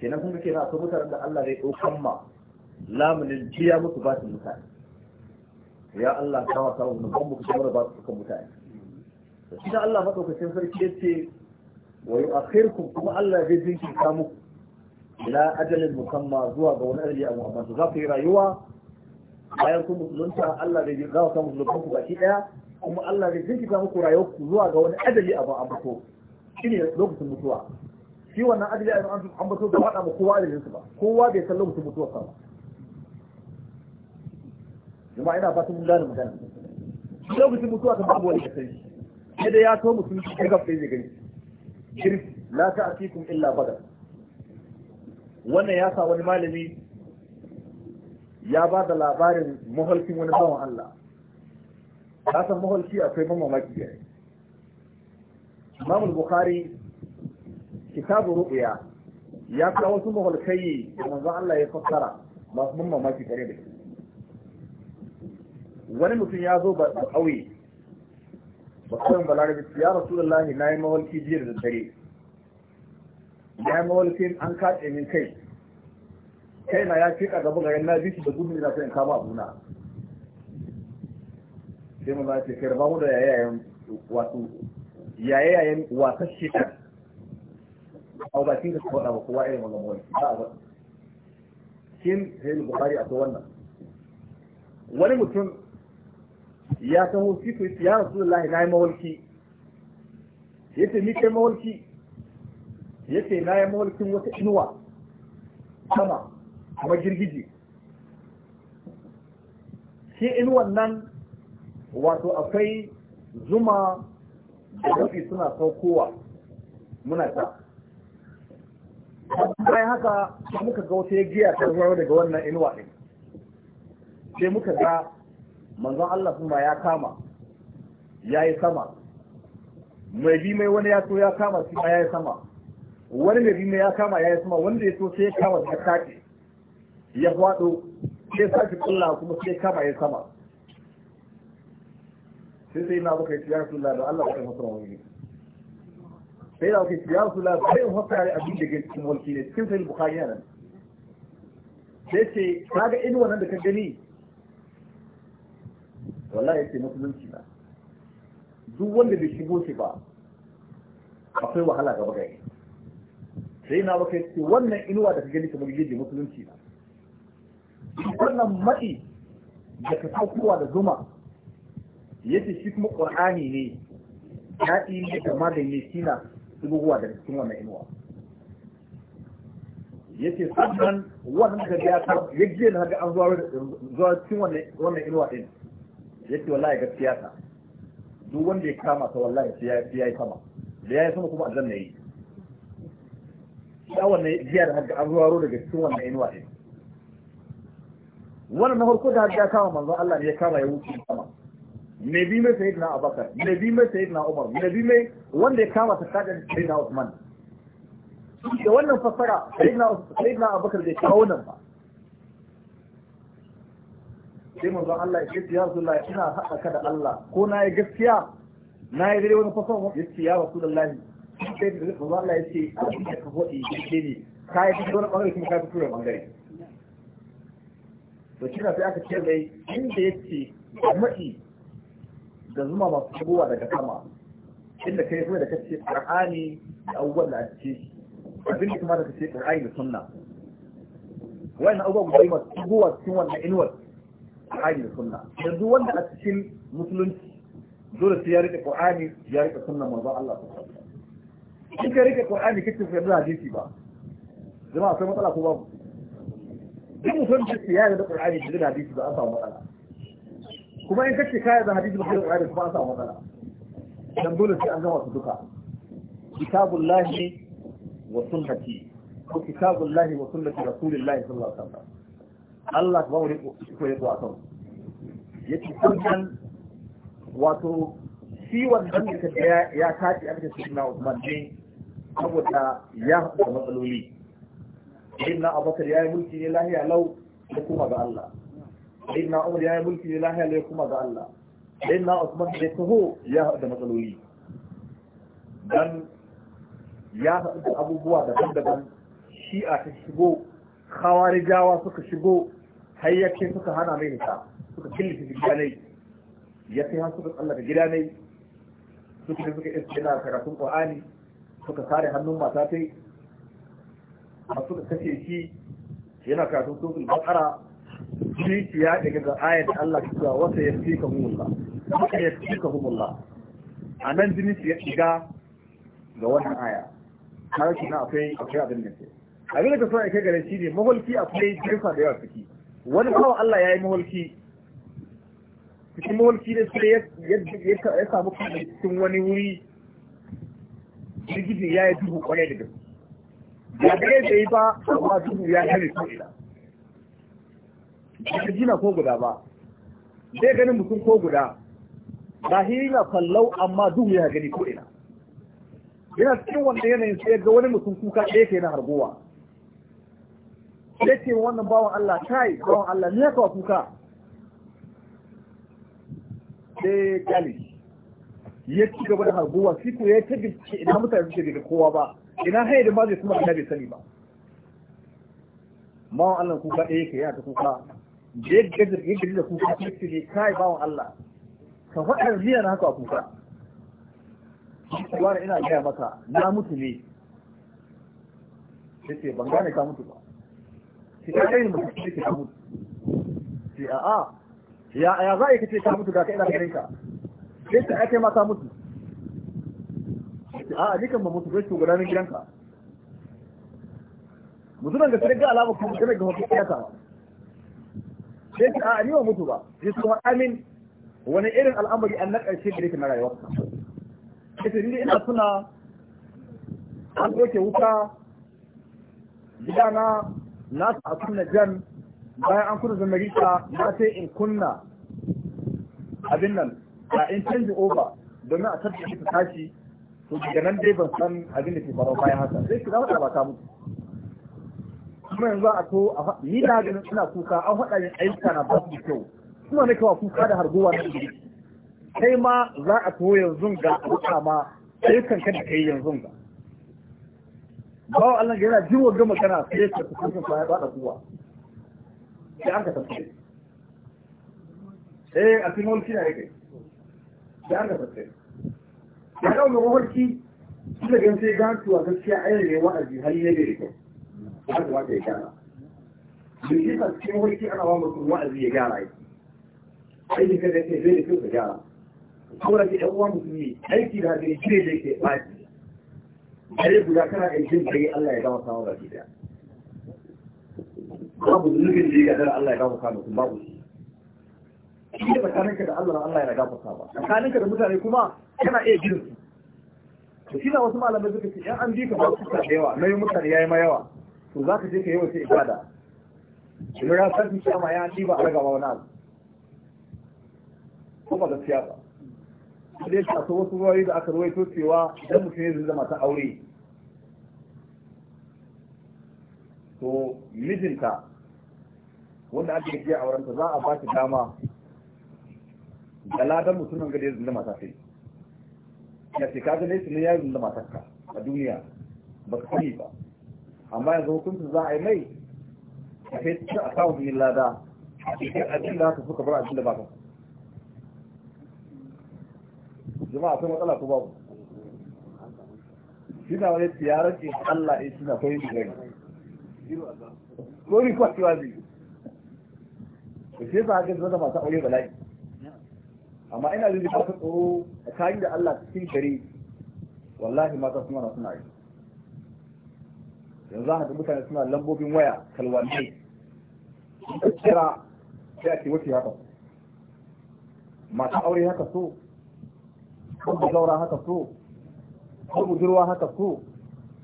kenan kun ga kenan so mutanen da Allah zai daukan ma lamunin biya musu ba su mutane ya Allah kawa kawo mu ban ba su kan mutane to shi Allah madaukakin sarki ce wa yu'akhirkum kuma Allah zai jinkirta muku ila ajalin musamma zuwa ga wani ajali a muhammadu za ku yi rayuwa bayan kun musulunta Allah zai za ku samu musulunta ku baki ɗaya. kuma Allah zai jinkirta muku rayuwar ku zuwa ga wani ajali a muhammadu shine lokacin mutuwa shi wannan ajali a yanzu an da faɗa ba kowa ajalinsu ba kowa bai san lokacin mutuwa sa ba jama'a ina fatan mun gane magana lokacin mutuwa kan babu wani kasance sai dai ya to musulunci ya ga ɗaya gani shirk la ta'tikum illa badal wannan ya sa wani malami ya ba da labarin mahalcin wani bawan Allah ka san mahalci akwai ban mamaki ya Imam Bukhari kitabu ru'ya ya kawo wasu mahalkai da manzo Allah ya fassara masu ban mamaki kare da wani mutum ya zo ba ƙauye bakaran balarabe ya rasu da lahi na yi mawalki jiya da dare Ya yi mawalkin an kaɗe min kai kai na ya ce a gaba garin na bisu da gudun ina sai in kama abuna sai mu za ce kai rabamu da yayayen wato yayayen wasa shekar a bakin da suka ɗaba kowa irin wannan mawalki ba a ba kin sai bukari a wannan wani mutum ya taho sifis ya rasulullahi na yi mawalki ya ce ni kai mawalki ya ce na yi mawalkin wata inuwa sama kuma girgije shi inuwan nan wato akwai zuma da rufi suna saukowa muna ta bayan haka muka ga wata ya giya ta daga wannan inuwa ɗin sai muka ga manzon Allah kuma ya kama ya yi sama mai bi mai wani ya so ya kama shi ma ya yi sama wani mai bi mai ya kama ya yi sama wanda ya so sai ya kama ya take ya kwado sai sake kulla kuma sai ya kama ya yi sama sai sai na baka yi ya rasulullah da Allah ka fasara wani sai da baka ya rasulullah sai ya fasara abin da ke cikin walki ne cikin sai bukhari nan sai ce kaga inuwa nan da ka gani wallahi yake musulunci ba duk wanda bai shigo shi ba akwai wahala gaba bagai sai na baka ce wannan inuwa da ka gani kamar yadda musulunci na wannan matsi da ka saukowa da zuma yace shi kuma qur'ani ne yi ne da magani shi na tsibuwa da cikin wannan inuwa yace sannan wannan da ya ta yaje na ga an zuwa cikin wannan inuwa din yake wallahi gaskiya ta duk wanda ya kama ta wallahi sai ya yi sama da ya yi sama kuma aljanna yi ya wannan biya da haka an ruwaro daga cikin wannan inuwa ne wannan na farko da haka ya kama manzon Allah ne ya kama ya wuce sama me bi mai sayyidina Abubakar me bi mai sayyidina Umar me bi mai wanda ya kama ta kadan sayyidina Usman da wannan fassara sayyidina Abubakar bai kawo nan ba sai manzon Allah ya ce ya Rasulullah ina haɗa ka da Allah ko na yi gaskiya na yi dare wani fasan wani ya ce ya Rasulullah sai manzon Allah ya ce abin da ka faɗi gaske ne ka yi duk wani ɓangare kuma ka fi tura ɓangare to shi sai aka ce mai inda ya ce da maɗi da zuma masu shigowa daga sama inda kai kuma da ka kace Qur'ani da abubuwan da a ci abin da kuma da kace Qur'ani da Sunna wannan abubuwa guda masu shigowa cikin wannan inuwar Qur'ani da sunna yanzu wanda a cikin musulunci dole sai ya rike Qur'ani ya rike sunna manzo Allah ta in ka rike Qur'ani kace sai da hadisi ba jama'a sai matsala ko babu duk mutum da ya Qur'ani da hadisi ba an samu matsala kuma in kace ka hadisi ba da Qur'ani ba a samu matsala dan dole sai an gama su duka kitabullahi wa sunnati ko kitabullahi wa sunnati rasulillahi sallallahu alaihi wasallam Allah ba wani ko ya zuwa kan yace kunnan wato shi wannan da ya ya tafi a cikin na Usman ne saboda ya haɗa matsaloli Sayyidina Abubakar ya yi mulki ne lahiya lau ya kuma ga Allah Sayyidina Umar ya yi mulki ne lahiya lau ya kuma ga Allah Sayyidina Usman da taho ya haɗa matsaloli dan ya haɗu abubuwa daban-daban a ta shigo khawarijawa suka shigo har ya suka hana mai nisa suka killace gida ne ya kai har suka tsallaka gida ne suka suka iske na karatun ƙwa'ani suka sare hannun mata ta yi a suka kashe shi yana karatun sosul bakara shi ya ɗaga ga ayat Allah ta cewa wata yasika ya wata ka humulla a nan jini ya shiga ga wannan aya har shi na akwai akwai abin da ke abin da ka so a kai gare shi ne mahulki akwai jirfa da yawa ciki wani kawai Allah ya yi mawalki cikin mawalki da sai ya samu kuma cikin wani wuri rigijin ya yi duhu kwarai da gaske ba da yi ba amma duhu ya kare ko ina ba jina ko guda ba zai ganin mutum ko guda ba shi na fallau amma duhu ya gani ko ina yana cikin wanda yanayin sai ga wani mutum kuka ɗaya ke na harbowa ya ce wannan bawan Allah kai bawan Allah ne ka kuka sai gali ya ci gaba da harguwa shi ko ya ta bincike ina mutane suke daga kowa ba ina haye da zai kuma ina bai sani ba bawan Allah kuka ɗaya ka yana ta kuka da ya gaji da kuka ta ce ne kai bawan Allah ka faɗa miya na haka kuka wani ina gaya maka na mutu ne sai ce ban gane ka mutu ba ki ka kai mutu ki a a ya ya za ka ce ka mutu da kai da kai ka sai ka ake mata mutu a a dukan ba mutu sai ku gudanar gidanka mutumin da sai ga alama kuma kana ga hukunci ya ta sai ka a ni wa mutu ba sai su kuma amin wani irin al'amari an na ƙarshe da yake na rayuwarka ita ni ina suna an ɗauke wuta gidana na a kunna jan bayan an zama rika na sai in kunna abin nan a in canji over domin a tabbata shi ta tashi to daga nan dai ban san abin da ke faruwa bayan haka sai kira wata ba ta mutu kuma yanzu a to ni na ganin ina kuka an faɗa yin ayyuka na ba su kyau kuma na kawa kuka da harguwa na gidi kai ma za a to yanzu ga a ma ayyukan ka da kai yanzu ga bawa Allah ga yana jiwo ga magana sai ka tafi ka ya bada kuwa sai an ka tafi eh a cikin mulki ne yake sai an ka tafi ya dawo ga mulki kuma ga sai ga tuwa gaskiya ai ne wa'azi hali ne da kyau har kuma sai kana duk shi ta cikin mulki ana ba mutum wa'azi ya gyara yi aiki kada ya ce zai da kyau ka gyara saboda ke ɗan uwa musulmi aiki da hadiri jire da yake ɓaci dare guda kana da jin dare Allah ya gama samu baki daya babu zunubin da ya gadar Allah ya gama samu kun babu shi shi da tsakaninka da Allah Allah ya gama samu tsakaninka da mutane kuma kana iya jin su to shi na wasu malamai suka ce yan an bi ka ba su da yawa na yi mutane yayi ma yawa to za ka je ka yi wata ibada kuma ya san shi ya ci ba a ragawa wani abu kuma gaskiya ba da yake akwai wasu ruwayoyi da aka ruwaito cewa idan mutum ya zama ta aure to mijinta wanda ake yi a wurinta za a ba shi dama da ladan mutumin gada ya zama ta sai ya ce kaga ne ne ya zama ta ka a duniya ba ka sani ba amma yanzu hukuncin za a yi mai a kai a kawo lada a cikin abin da haka suka bar abin da ba ka jama'a sai matsala ko babu suna wani tiyarar ke Allah ya suna kwayin da gani Kori ni kwa cewa zai ko sai ba ga zama masu aure bala'i amma ina jin ba ta tsoro a kayan da Allah cikin gari wallahi mata suna na suna yi yanzu haka mutane suna lambobin waya kalwanne in ka kira sai a wuce wace haka mata aure haka so ko gaura haka so ko budurwa haka so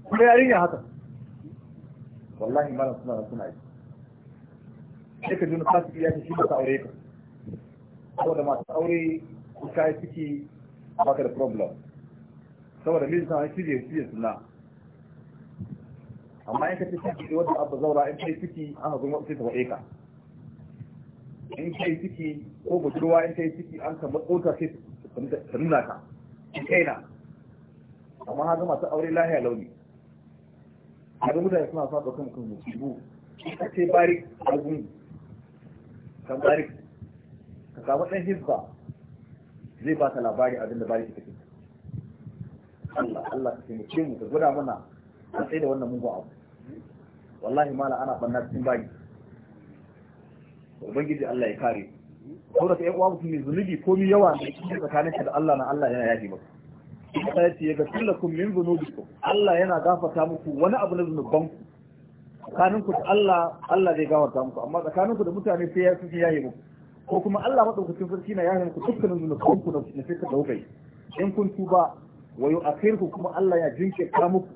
ko yarinya haka wallahi malam suna da suna yi sai ka juna fasiki ya ce shi ba ta aure ka saboda masu aure in ka yi ciki baka da problem saboda mijin sa shi ne shi suna amma in ka ce ciki wanda abu zaura in kai ciki an hazo sai ta waɗe ka in kai ciki ko budurwa in kai ciki an ka matsota sai ta nuna ta in kaina amma haka masu aure lahiya launi haka mutane suna son sa ɗaukan kan musibu ita ce bari a gungu kan bari ka samu ɗan hizba zai ba ka labari abin da bari ke Allah Allah ka taimake mu ka gwada mana a tsaye da wannan mugun abu wallahi mala ana banna cikin bari ubangiji Allah ya kare mu saurata ya uwa mutum mai zunubi ko mi yawa ne cikin tsakanin da Allah na Allah yana yaji maka ita ya ce ya gafir kun min ko Allah yana gafarta muku wani abu na zunuban ku tsakaninku da Allah Allah zai gafarta muku amma tsakaninku da mutane sai ya suke yaye muku ko kuma Allah maɗaukacin sarki na yaye muku dukkanin zunuban ku na fesa ɗaukai. daukai in kun tuba wa ku kuma Allah ya ka muku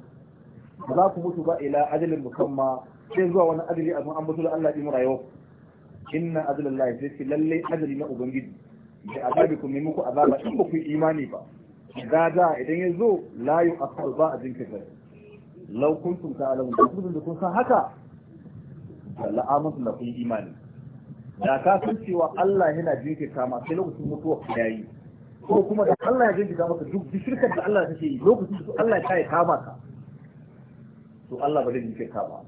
ba za ku mutu ba ila ajalin musamman, sai zuwa wani ajali a an mutu da Allah ya yi rayuwa inna azlallahi sai ce lalle ajali na ubangiji da azabikum ne muku azaba in ba ku imani ba da da idan ya zo la yu akal ba a jinka sai law kuntum ta'lamun da kun kun san haka la amantu la kun imani da ka san cewa Allah yana jinkirta ma sai lokacin mutuwa yayi ko kuma da Allah ya jinkirta maka duk shirkar da Allah take yi lokacin da Allah ya kai kama ka to Allah ba zai jinkirta ba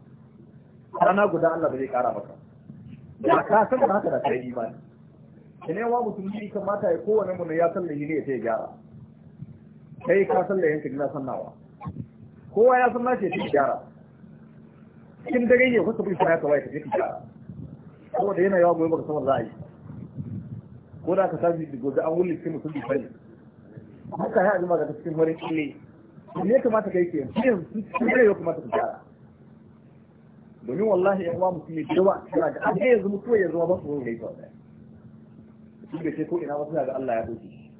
rana guda Allah ba zai kara maka da ka san da haka da kai imani kene wa musulmi kamata ya kowane mun ya san da ne ya ce gyara kai ka san da yanka gina sannawa kowa ya san nace ta gyara cikin dare ne kuka bi sana kawai ta ce gyara da yana yawa gobe baka san za yi ko da ka tafi gobe an wuli cikin musulmi sani haka ya azuma ga cikin horin kille ne kamata ka yi ke yanzu cikin dare ya kamata ka gyara domin wallahi ya wa mutum da yawa kira da an yanzu mutuwa ya zama ba su da ita shi da ce ko ina wasu ga Allah ya shi,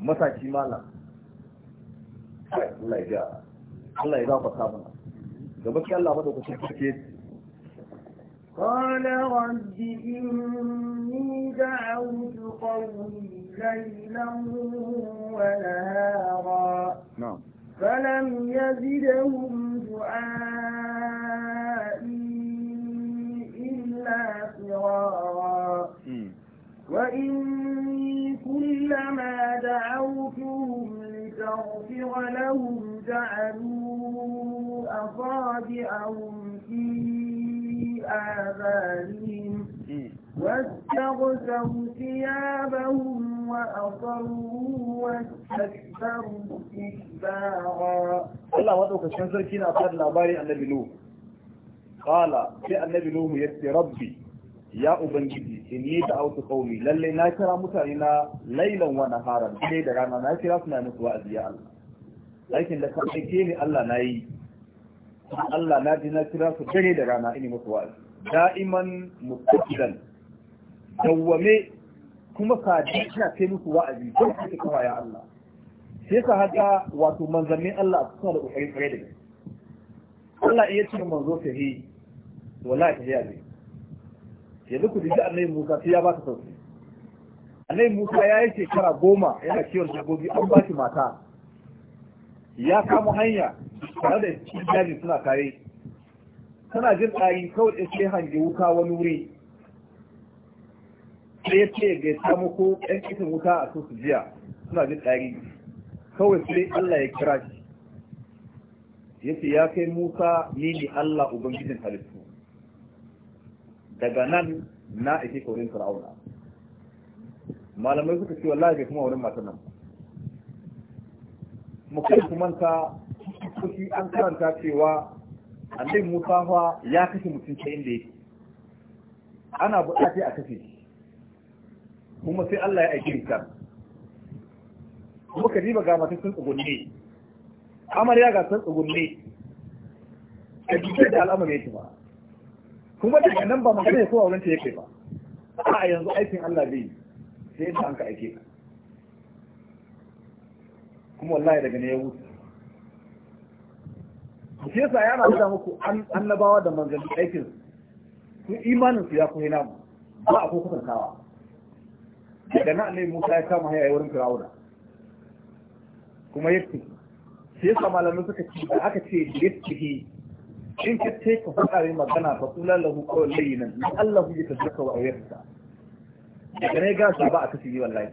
matashi malam Allah ya ga Allah ya gafarta mana gaba baki Allah madaukakin sarki قال رب إني دعوت قومي ليلا ونهارا فلم يزدهم دعائي إلا فرارا وإني كلما دعوتهم لتغفر لهم جعلوا أصابعهم في آذانهم واستغشوا ثيابهم وأصروا واستكبروا استكبارا الله وضعك الشمس كنا أصحاب الأباري أن نبلوه qala sai annabi nuhu yace rabbi ya ubangiji inni da'awtu qaumi lalle na kira mutane na lailan wa haram. dai da rana na kira suna musu wa'azi ya Allah aikin da ka aike ni Allah na yi Allah na ji na kira su dare da rana ini musu wa'azi da'iman mustaqilan dawwame kuma ka ji ina kai musu wa'azi don ka kawa ya Allah sai ka haɗa wato manzannin Allah a cikin da ƙoƙarin tsare da Allah iya cin manzo sahihi wallahi ta hiya zai yanzu ku dinga annabi Musa sai ya ba ta sauki annabi Musa ya yi shekara goma yana kiwon dabbobi an ba shi mata ya kama hanya tare da iyali suna kare. tana jin ɗari kawai da sai hange wuta wani wuri sai ya ce ga samu ko ɗan kitin wuta a su jiya suna jin ɗari kawai sai Allah ya kira shi ya ce ya kai Musa ni ne Allah Ubangijin halittu daga nan na ake kaurin fir'auna malamai suka ce wallahi bai kuma wurin masu nan kai kuma ta kuki an karanta cewa annabi Musa fa ya kashe mutum ta inda yake ana buƙatar a kashe kuma sai Allah ya aiki kan kuma kadiba ga mata sun tsugunne amarya ga sun tsugunne a da al'amari ya ba kuma da nan ba magana ya kowa wurin ta yake ba a yanzu aikin Allah zai sai da ka aike ka kuma wallahi daga ne ya wuce shi sa yana da muku annabawa da manzanni aikin su imanin su ya kuma namu ba a ko kawa. daga nan ne Musa ya kama haya wurin Fir'auna kuma yake sai yasa malamin suka ce da aka ce yake in ka ce ka faɗa mai magana ba kula lahu kawai layinan na Allah ya tabbata wa auyarsa daga ne gasa ba a kasiri wallahi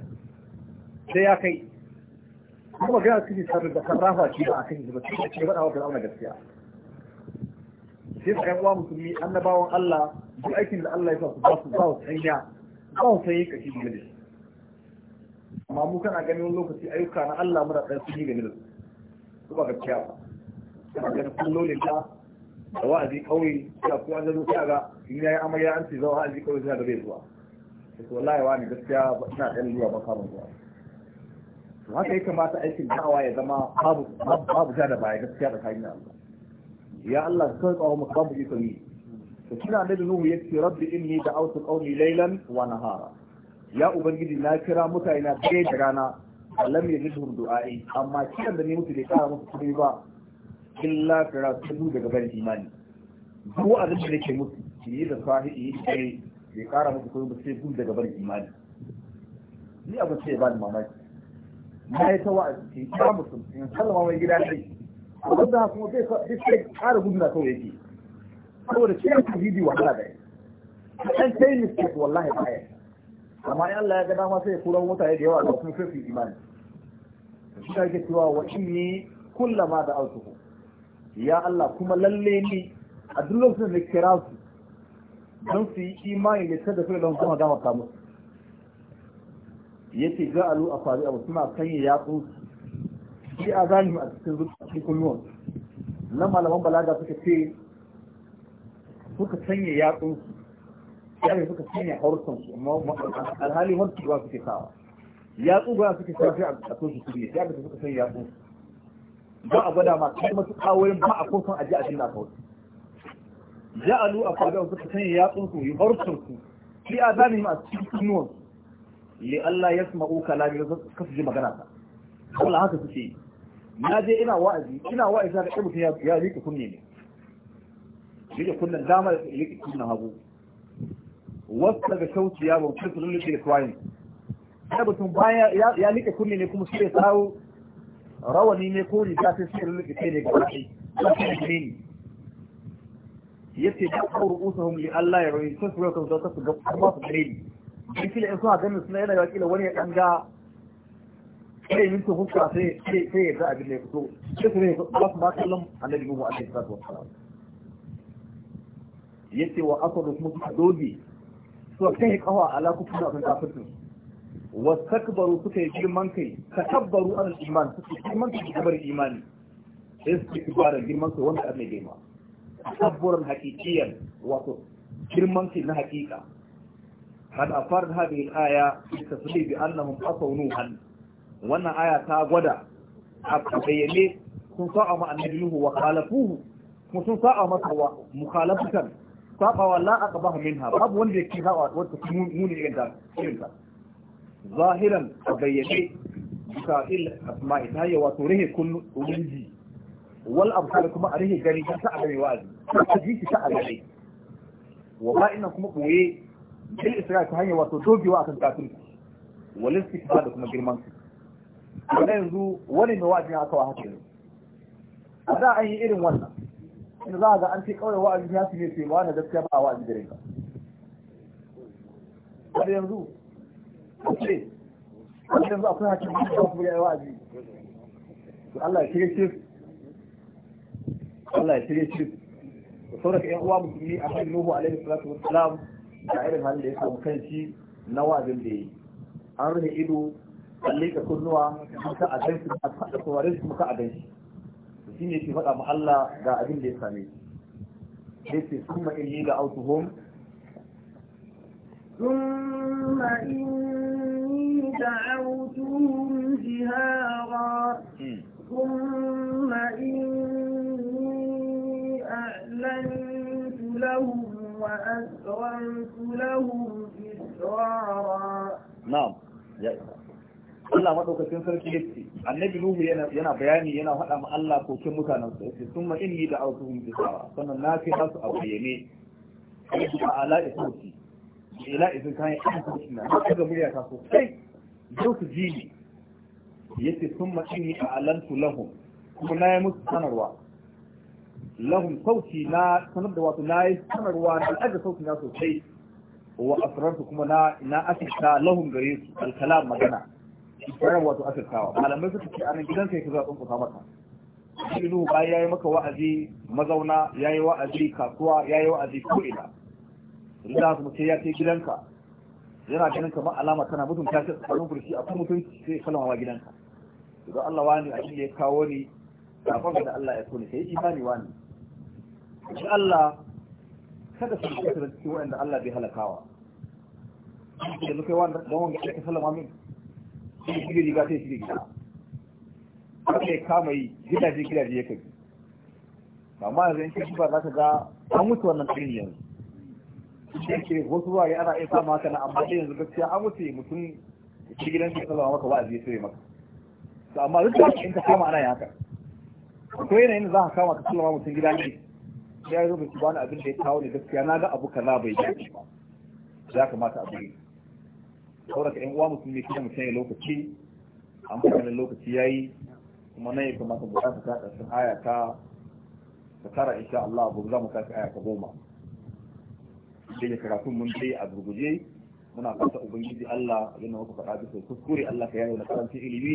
sai ya kai kuma ga kasiri sarri da sarrafa shi ba a kasiri ba sai ke faɗa wa fir'auna gaskiya sai ka uwa musulmi annabawan Allah duk aikin da Allah ya sa su ba su ba su sanya ba su sanya kashi game da shi amma mu kana ganin wani lokaci ayyuka na Allah muna ɗan sun yi game da su ba gaskiya ba kana ganin kullolin ta da wa'azi kawai ya kuma an zo sai ga in yayi amarya an ce zawa wa'azi kawai suna ga bai zuwa to wallahi wani gaskiya ina ganin zuwa ba kamar zuwa to haka ya kamata aikin da'awa ya zama babu babu da baya gaskiya da kayan Allah ya Allah ka kawo mu babu iko ni to kina da nuhu yace rabbi inni da'awtu qawmi laylan wa nahara ya ubangiji na kira mutane na da rana lam yajidhum du'ai amma kiran da ni mutu bai kara musu kudi ba illa fira tudu daga barin imani duk abin da nake musu yi da sahihi yi kai bai kara musu ko ba sai gudu daga barin imani ni abin sai ba ni mamaki na yi tawa wa'azi in musu, mutum in sallama mai gida kai abin da kuma bai sai kara gudu na kawai yake saboda cikin tauhidi wahala da yi kan sai mistake wallahi ba ya amma in Allah ya ga dama sai ya kura mutane da yawa da kuma sai su imani shi ake cewa wa inni kullama da autuhu ya Allah kuma lalle ni a duk lokacin da kira su don su yi imani ne kada su don kuma gama kamu yace a afari abu suna sanya yatsu shi a zalimi a cikin zuciya kunnuwan nan malaman balaga suka ce suka sanya yatsun Ya yare suka sanya harusan su alhali wani ba suke sawa yatsu ba suke sawa sai a tsoshi su ne ya da suka sanya ya su ba a gwada ma kai masu kawurin ba a kusan aji a shirya kawai alu a kwaga suka sanya ya tsunsu yi harsunsu fi a zane ma a cikin sunuwan li Allah ya sama uka lami da kasu ji magana ta kula haka suke yi na je ina wa'azi ina wa'azi ga ɗan mutum ya rike kunne ne rike kunnen dama da rike kunnen hagu wasu daga shauci ya bautar su lulluɓe da kwayin sai mutum bayan ya rike kunne ne kuma su ne sawo rawani ne ko riga sai suka lulluɓe ne ga wani gine ne yace da ko ru'usuhum li Allah ya rawi sun suka kan zaka su ga kuma su gare ni in kila in suna ganin suna yana kila wani ya ɗan ga sai min to hukka sai sai ya ga abin da ya fito sai su ne ba su ma kallon annabi mu alaihi salatu wassalam yace wa asadu kuma su dobi su kai kawa ala kufuna kan kafirtu wastakbaru suka yi girman kai takabbaru an iman suka girman kai kamar imani istikbar girman kai wanda Allah ya ma takabburan haqiqiyan wato girman kai na haqiqa kad afar hadhihi al-aya tasbih bi annahum asaw nuhan wannan aya ta gwada a bayyane sun sa'a ma annabi nuhu wa khalafuhu kuma sun sa'a masa wa mukhalafatan sa'a wa la aqbaha minha babu wanda yake sa'a wata muni irin ta zahiran a bayyane duka il asma'i ta hanyar wato rihe kullu ubangiji wal abkar kuma a rihe gani ta a gane wa'azi ta ji shi ta a gane wa ba'ina kuma boye bil isra'i ta hanyar wato dogewa akan kafirci wal istikba da kuma girman su wannan yanzu wani mai wa'azi aka wa haka yanzu a da an yi irin wannan in za a ga an ce kawai wa'azi ya fi ne sai ma wani gaskiya ba a wa'azi da rinka har yanzu ce wajen akwai hakim da kuma ya wa'azi to Allah ya shi Allah ya shi uwa musulmi a kan Nuhu alaihi salatu wassalam da irin halin da ya samu kanshi na wa'azin da yi an rufe ido an kunnuwa muka a a faɗa shi muka a ganshi shi ne faɗa ma Allah ga abin da ya same shi sai ce summa da autuhum ثم إن دعوتهم جهارا ثم إني أعلنت لهم وأسررت لهم إسرارا نعم Allah madaukakin sarki ya ce annabi Nuhu yana bayani yana faɗa ma Allah ko kin mutanen su yace ma inni da autuhum bisawa sannan na fi su a bayyane kuma ala isuti ila izin kan yi ina ga murya ta so kai don su ji ni yace sun ma'ini a alantu lahum kuma na yi musu sanarwa lahum sauti na sanar da wato na yi sanarwa na aje sauti na sosai wa asrarsu kuma na na asirta lahum gare su alkalam magana israr wato asirtawa malamai suka ce anan gidan kai ka zo tsunku ka maka shi nuhu ya yayi maka wa'azi mazauna yayi wa'azi kasuwa yayi wa'azi ko ina idan kuma sai ya ce gidanka yana ganin kamar alama tana mutunta shi tsakanin kurshi a kuma mutum sai kalmawa gidanka to Allah wani a ya kawo ni sakon da Allah ya kuni sai imani wani shi Allah kada su shiga da cikin wanda Allah bai halakawa da muke wanda don wanda ake sallama min shi shige riga sai ne gida ka kai kama yi gidaje gidaje ya kai amma yanzu in ka ba za ka ga an mutu wannan ɗin yanzu da yake wasu ya ana iya samu haka na amma ɗaya yanzu gaskiya an wuce mutum shi gidan shi sallama maka wa'azi ya cire maka to amma duk da in ka kama ana yin haka Ko yanayin da za ka kama ka sallama mutum gidan shi ya zo ba bani abin da ya kawo ne gaskiya na ga abu kaza bai dace ba ya kamata a bi saboda ƴan uwa mutum ne kuma mutum ya lokaci an fara lokaci yayi kuma nan ya kamata mu ta ta ƙarshen aya ta ta tara insha Allah abu za mu tashi aya ta goma da karatun mun dai a gurguje muna fata ubangiji Allah abinda maka fada bisa kuskure Allah ka yawo da karanci ilimi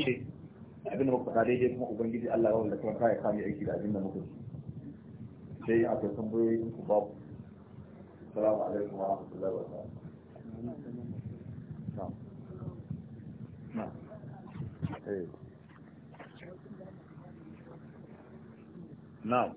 ne abinda muka fada daidai kuma ubangiji Allah ya wanda karanta ya kame aiki da abinda muka ci sai a kai tambayoyi ku ba ku salamu alaikum wa rahmatullahi wa barakatuh Now.